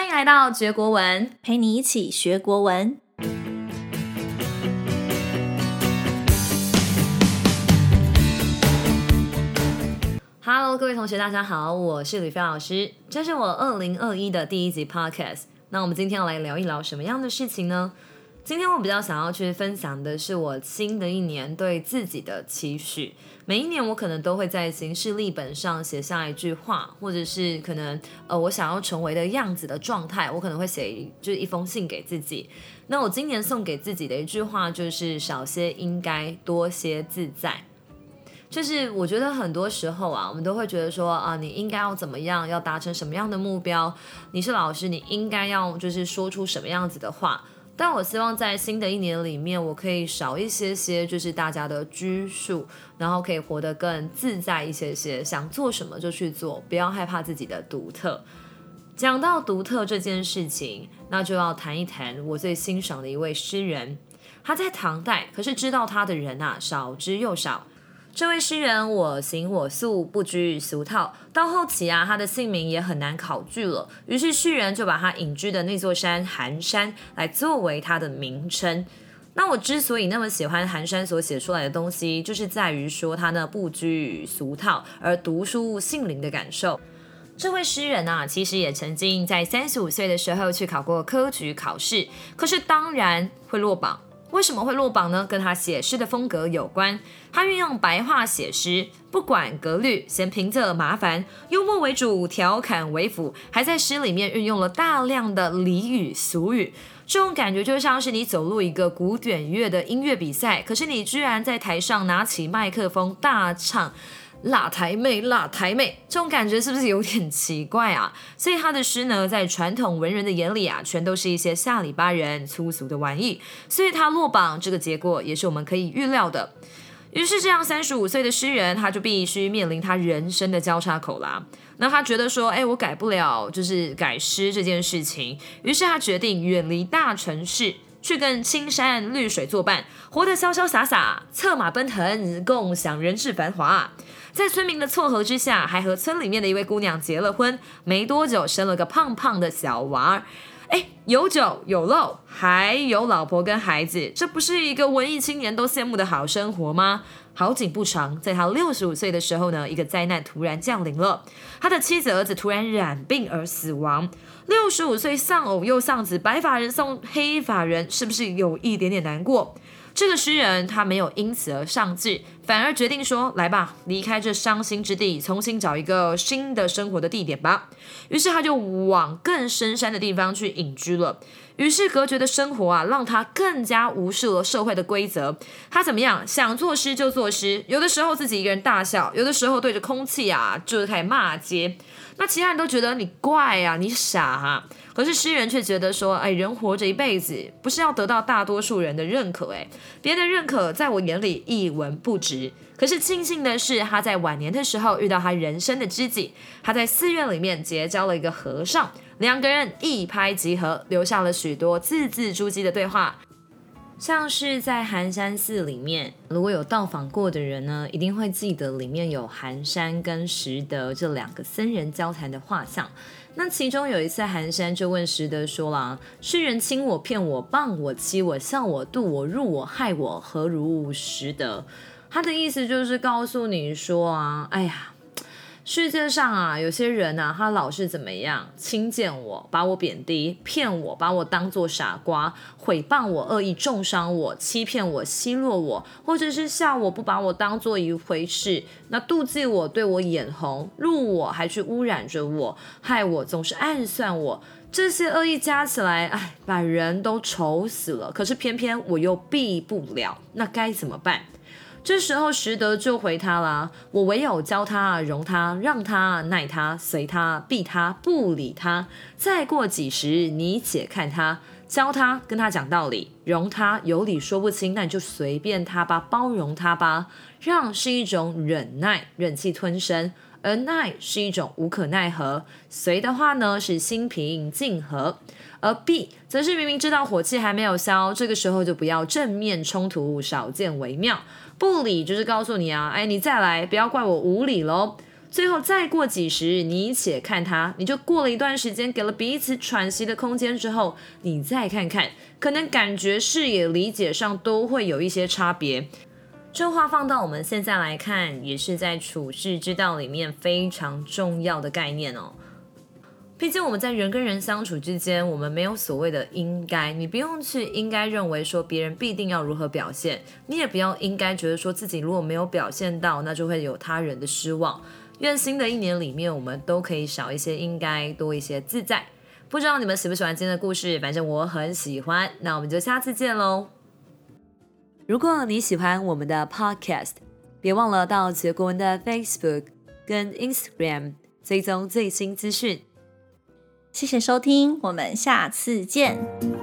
歡迎來到學國文，陪你一起學國文。Hello，各位同學，大家好，我是李緋老師，這是我二零二一的第一集 Podcast。那我們今天要來聊一聊什麼樣的事情呢？今天我比較想要去分享的是我新的一年對自己的期許。每一年我可能都會在行事曆本上寫下一句話，或者是可能呃我想要成為的樣子的狀態，我可能會寫一，就是一封信給自己。那我今年送給自己的一句話就是：少些應該，多些自在。就是我覺得很多時候啊，我們都會覺得說啊，你應該要怎麼樣，要達成什麼樣的目標？你是老師，你應該要就是說出什麼樣子的話？但我希望在新的一年裡面，我可以少一些些，就是大家的拘束，然後可以活得更自在一些些，想做什麼就去做，不要害怕自己的獨特。講到獨特這件事情，那就要談一談我最欣賞的一位詩人，他在唐代，可是知道他的人啊，少之又少。這位詩人我行我素，不拘俗套。到後期啊，他的姓名也很難考據了。於是，世人就把他隱居的那座山寒山來作為他的名稱。那我之所以那麼喜歡寒山所寫出來的東西，就是在於說他呢，不拘俗套，而讀書性靈的感受。這位詩人啊，其實也曾經在三十五歲的時候去考過科舉考試，可是當然會落榜。為什麼會落榜呢？跟他寫詩的風格有關。他運用白話寫詩，不管格律，嫌平仄麻煩，幽默為主，調侃為輔，還在詩裡面運用了大量的俚語俗語。這種感覺就像是你走入一個古典樂的音樂比賽，可是你居然在台上拿起麥克風大唱。辣台妹，辣台妹，這種感覺是不是有點奇怪啊？所以他的詩呢，在傳統文人的眼裡啊，全都是一些下里巴人、粗俗的玩意。所以他落榜這個結果也是我們可以預料的。於是，這樣三十五歲的詩人，他就必須面臨他人生的交叉口啦。那他覺得說，哎，我改不了，就是改詩這件事情。於是他決定遠離大城市，去跟青山綠水作伴，活得瀟瀟灑灑，策馬奔騰，共享人世繁華。在村民的撮合之下，還和村裡面的一位姑娘結了婚，沒多久生了個胖胖的小娃兒。哎，有酒有肉，還有老婆跟孩子，這不是一個文藝青年都羨慕的好生活嗎？好景不長，在他六十五歲的時候呢，一個災難突然降臨了，他的妻子兒子突然染病而死亡。六十五歲喪偶又喪子，白髮人送黑髮人，是不是有一點點難過？這個詩人他沒有因此而喪志。反而決定說：“來吧，離開這傷心之地，重新找一個新的生活的地點吧。”於是他就往更深山的地方去隱居了。與世隔絕的生活啊，讓他更加無視了社會的規則。他怎麼樣？想作詩就作詩，有的時候自己一個人大笑，有的時候對着空氣啊就是開始罵街。那其他人都覺得你怪啊，你傻啊。可是詩人卻覺得說：“哎，人活着一輩子，不是要得到大多數人的認可欸？哎，別人的認可在我眼裡一文不值。”可是慶幸的是，他在晚年的時候遇到他人生的知己。他在寺院裡面結交了一個和尚，兩個人一拍即合，留下了許多字字珠璣的對話。像是在寒山寺裡面，如果有到訪過的人呢，一定會記得裡面有寒山跟拾得這兩個僧人交談的畫像。那其中有一次，寒山就問拾得說了：“世人輕我、騙我、謗我、欺我、笑我、妒我、辱我、害我，何如吾拾得？”他的意思就是告訴你說啊，哎呀，世界上啊，有些人啊，他老是怎麼樣輕賤我，把我貶低，騙我，把我當做傻瓜，誹謗我，惡意中傷我，欺騙我，奚落我，或者是笑我不把我當做一回事，那妒忌我，對我眼紅，怒我還去污染着我，害我總是暗算我，這些惡意加起來，哎，把人都愁死了。可是偏偏我又避不了，那該怎麼辦？這時候，拾得就回他啦、啊。我唯有教他、容他、讓他、耐他、隨他、避他、不理他。再過幾十日，你且看他，教他，跟他講道理，容他有理說不清，那你就隨便他吧，包容他吧。讓是一種忍耐，忍氣吞聲。”而耐是一種無可奈何，隨的話呢是心平靜和，而避則是明明知道火氣還沒有消，這個時候就不要正面衝突，少見為妙。不理就是告訴你啊，哎，你再來，不要怪我無理嘍。最後再過幾時，你且看他，你就過了一段時間，給了彼此喘息的空間之後，你再看看，可能感覺、視野、理解上都會有一些差別。這話放到我們現在來看，也是在處世之道裡面非常重要的概念哦。畢竟我們在人跟人相處之間，我們沒有所謂的應該，你不用去應該認為說別人必定要如何表現，你也不要應該覺得說自己如果沒有表現到，那就會有他人的失望。願新的一年裡面，我們都可以少一些應該，多一些自在。不知道你們喜不喜歡今天的故事，反正我很喜歡。那我們就下次見嘍。如果你喜歡我們的 Podcast，別忘了到傑國文的 Facebook 跟 Instagram 追蹤最新資訊。謝謝收聽，我們下次見。